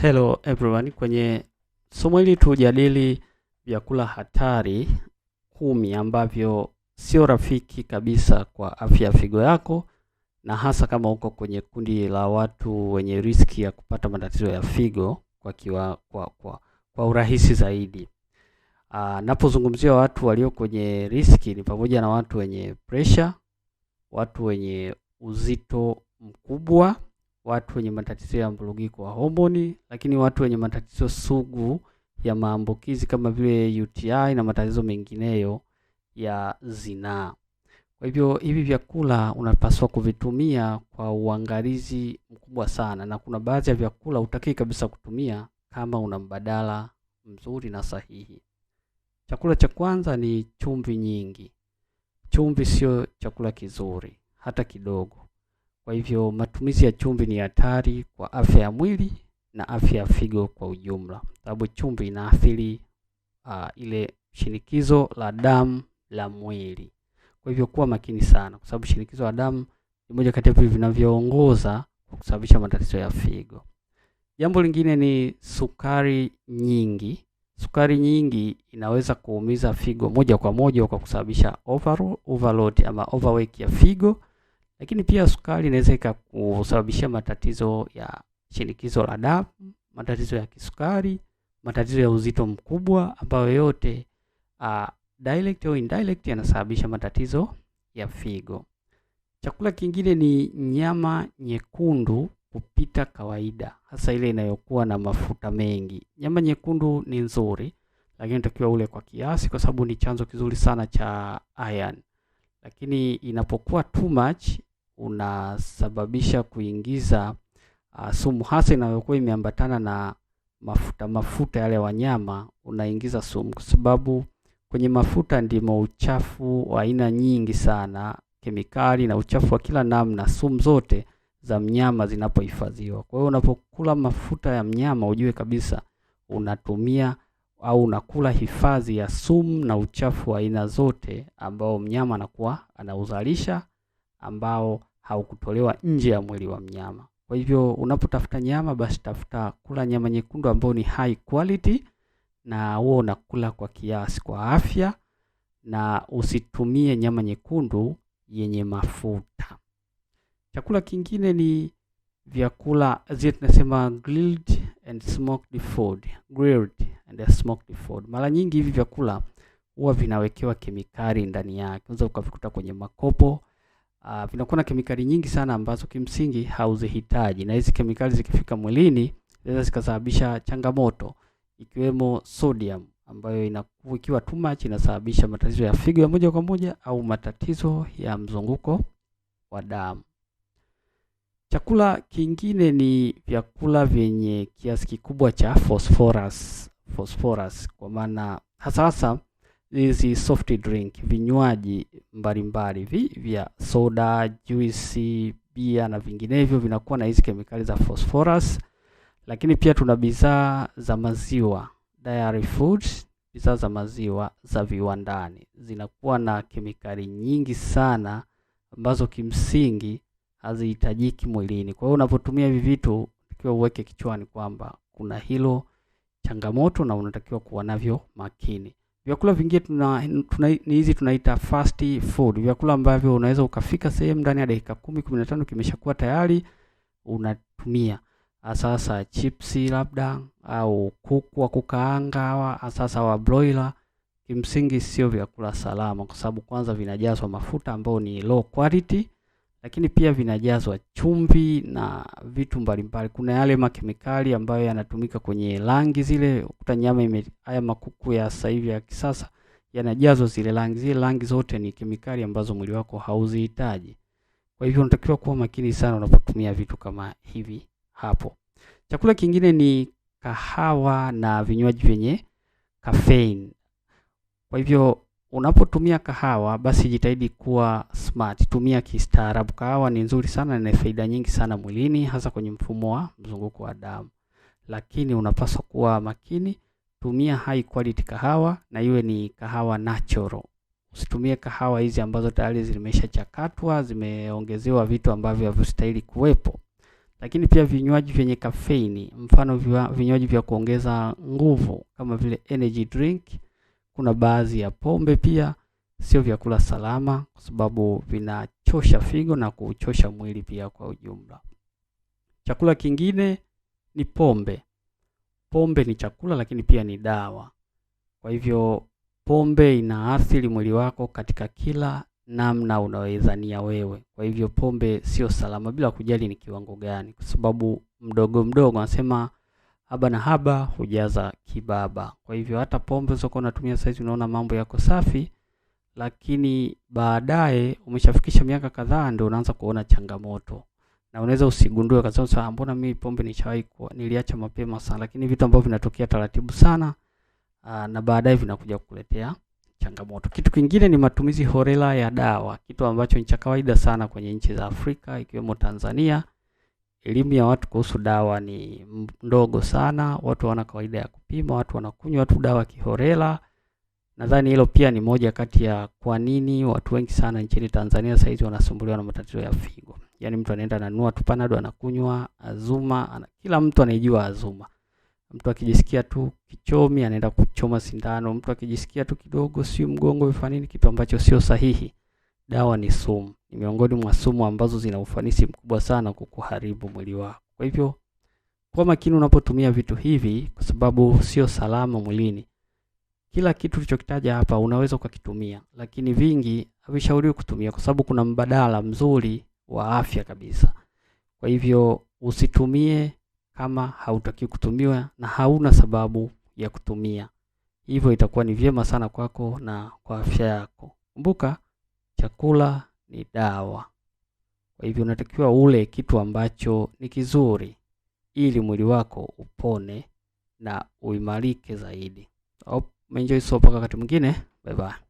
Hello everyone. Kwenye somo hili tujadili vyakula hatari kumi ambavyo sio rafiki kabisa kwa afya ya figo yako na hasa kama uko kwenye kundi la watu wenye riski ya kupata matatizo ya figo kwa, kiwa, kwa, kwa, kwa urahisi zaidi. Ah, napozungumzia watu walio kwenye riski ni pamoja na watu wenye pressure, watu wenye uzito mkubwa watu wenye matatizo ya mvurugiko wa homoni, lakini watu wenye matatizo sugu ya maambukizi kama vile UTI na matatizo mengineyo ya zinaa. Kwa hivyo hivi vyakula unapaswa kuvitumia kwa uangalizi mkubwa sana, na kuna baadhi ya vyakula utakii kabisa kutumia kama una mbadala mzuri na sahihi. Chakula cha kwanza ni chumvi nyingi. Chumvi sio chakula kizuri hata kidogo. Kwa hivyo matumizi ya chumvi ni hatari kwa afya ya mwili na afya ya figo kwa ujumla, sababu chumvi inaathiri uh, ile shinikizo la damu la mwili. Kwa hivyo kuwa makini sana, kwa sababu shinikizo la damu ni moja kati ya vitu vinavyoongoza kwa kusababisha matatizo ya figo. Jambo lingine ni sukari nyingi. Sukari nyingi inaweza kuumiza figo moja kwa moja kwa kusababisha overload ama overweight ya figo lakini pia sukari inaweza ikakusababishia matatizo ya shinikizo la damu, matatizo ya kisukari, matatizo ya uzito mkubwa, ambayo yote uh, direct au indirect yanasababisha matatizo ya figo. Chakula kingine ni nyama nyekundu kupita kawaida, hasa ile inayokuwa na mafuta mengi. Nyama nyekundu ni nzuri, lakini takiwa ule kwa kiasi, kwa sababu ni chanzo kizuri sana cha iron, lakini inapokuwa too much unasababisha kuingiza uh, sumu hasa inayokuwa imeambatana na mafuta mafuta yale wanyama, unaingiza sumu kwa sababu kwenye mafuta ndimo uchafu wa aina nyingi sana, kemikali na uchafu wa kila namna, sumu zote za mnyama zinapohifadhiwa. Kwa hiyo unapokula mafuta ya mnyama ujue kabisa unatumia au unakula hifadhi ya sumu na uchafu wa aina zote ambao mnyama anakuwa anauzalisha ambao haukutolewa mm. nje ya mwili wa mnyama. Kwa hivyo unapotafuta nyama, basi tafuta kula nyama nyekundu ambayo ni high quality na huo unakula kwa kiasi kwa afya, na usitumie nyama nyekundu yenye mafuta. Chakula kingine ni vyakula zile tunasema grilled and smoked food, grilled and smoked food. Mara nyingi hivi vyakula huwa vinawekewa kemikali ndani yake, unaweza ukavikuta kwenye makopo uh, vinakuwa na kemikali nyingi sana ambazo kimsingi hauzihitaji, na hizi kemikali zikifika mwilini zinaweza zikasababisha changamoto ikiwemo sodium ambayo inakuwa ikiwa too much inasababisha matatizo ya figo ya moja kwa moja au matatizo ya mzunguko wa damu. Chakula kingine ni vyakula vyenye kiasi kikubwa cha phosphorus, phosphorus kwa maana hasa hasa hizi soft drink, vinywaji mbalimbali hivi vya soda, juisi, bia na vinginevyo vinakuwa na hizi kemikali za phosphorus. Lakini pia tuna bidhaa za maziwa, dairy foods, bidhaa za maziwa za viwandani zinakuwa na kemikali nyingi sana ambazo kimsingi hazihitajiki mwilini. Kwa hiyo unapotumia hivi vitu ukiwa uweke kichwani kwamba kuna hilo changamoto na unatakiwa kuwa navyo makini. Vyakula vingine tuna, tuna, ni hizi tunaita fast food, vyakula ambavyo unaweza ukafika sehemu ndani ya dakika kumi kumi na tano kimeshakuwa tayari unatumia asasa chipsi labda au kuku wa kukaanga, asasa wa broiler. Kimsingi sio vyakula salama, kwa sababu kwanza vinajazwa mafuta ambayo ni low quality, lakini pia vinajazwa chumvi na vitu mbalimbali. Kuna yale makemikali ambayo yanatumika kwenye rangi zile, ukuta nyama ime, haya makuku ya sasa hivi ya kisasa yanajazwa zile rangi, zile rangi zote ni kemikali ambazo mwili wako hauzihitaji. Kwa hivyo unatakiwa kuwa makini sana unapotumia vitu kama hivi hapo. Chakula kingine ni kahawa na vinywaji vyenye caffeine. Kwa hivyo Unapotumia kahawa basi jitahidi kuwa smart, tumia kistaarabu. Kahawa ni nzuri sana na ina faida nyingi sana mwilini, hasa kwenye mfumo wa mzunguko wa damu, lakini unapaswa kuwa makini. Tumia high quality kahawa na iwe ni kahawa natural. Usitumie kahawa hizi ambazo tayari zimeshachakatwa, zimeongezewa vitu ambavyo havistahili kuwepo. Lakini pia vinywaji vyenye kafeini, mfano vinywaji vya kuongeza nguvu kama vile energy drink kuna baadhi ya pombe pia sio vyakula salama kwa sababu vinachosha figo na kuchosha mwili pia kwa ujumla. Chakula kingine ni pombe. Pombe ni chakula lakini pia ni dawa. Kwa hivyo pombe inaathiri mwili wako katika kila namna unawezania wewe. Kwa hivyo pombe sio salama bila kujali ni kiwango gani, kwa sababu mdogo mdogo anasema haba na haba hujaza kibaba. Kwa hivyo hata pombe ulizokuwa unatumia saizi, unaona mambo yako safi, lakini baadaye umeshafikisha miaka kadhaa, ndio unaanza kuona changamoto na unaweza usigundue kwa sababu mbona mimi pombe nishawahi kuwa niliacha mapema sana, lakini vitu ambavyo vinatokea taratibu sana aa, na baadaye vinakuja kukuletea changamoto. Kitu kingine ni matumizi horela ya dawa, kitu ambacho ni cha kawaida sana kwenye nchi za Afrika ikiwemo Tanzania elimu ya watu kuhusu dawa ni ndogo sana. Watu wana kawaida ya kupima, watu wanakunywa tu dawa kihorela. Nadhani hilo pia ni moja kati ya kwa nini watu wengi sana nchini Tanzania saizi wanasumbuliwa na matatizo ya figo. Yaani mtu anaenda ananua tu panado anakunywa Azuma ana, kila mtu anaijua Azuma. Mtu akijisikia tu kichomi anaenda kuchoma sindano, mtu akijisikia tu kidogo si mgongo, ifanini kitu ambacho sio sahihi. Dawa ni sumu, ni miongoni mwa sumu ambazo zina ufanisi mkubwa sana kukuharibu mwili wako. Kwa hivyo kwa makini unapotumia vitu hivi, kwa sababu sio salama mwilini. Kila kitu tulichokitaja hapa unaweza ukakitumia, lakini vingi havishauriwi kutumia kwa sababu kuna mbadala mzuri wa afya kabisa. Kwa hivyo usitumie kama hautaki kutumiwa na hauna sababu ya kutumia, hivyo itakuwa ni vyema sana kwako na kwa afya yako. Kumbuka Chakula ni dawa, kwa hivyo unatakiwa ule kitu ambacho ni kizuri ili mwili wako upone na uimarike zaidi. Hope umeenjoy. So mpaka wakati mwingine, bye bye.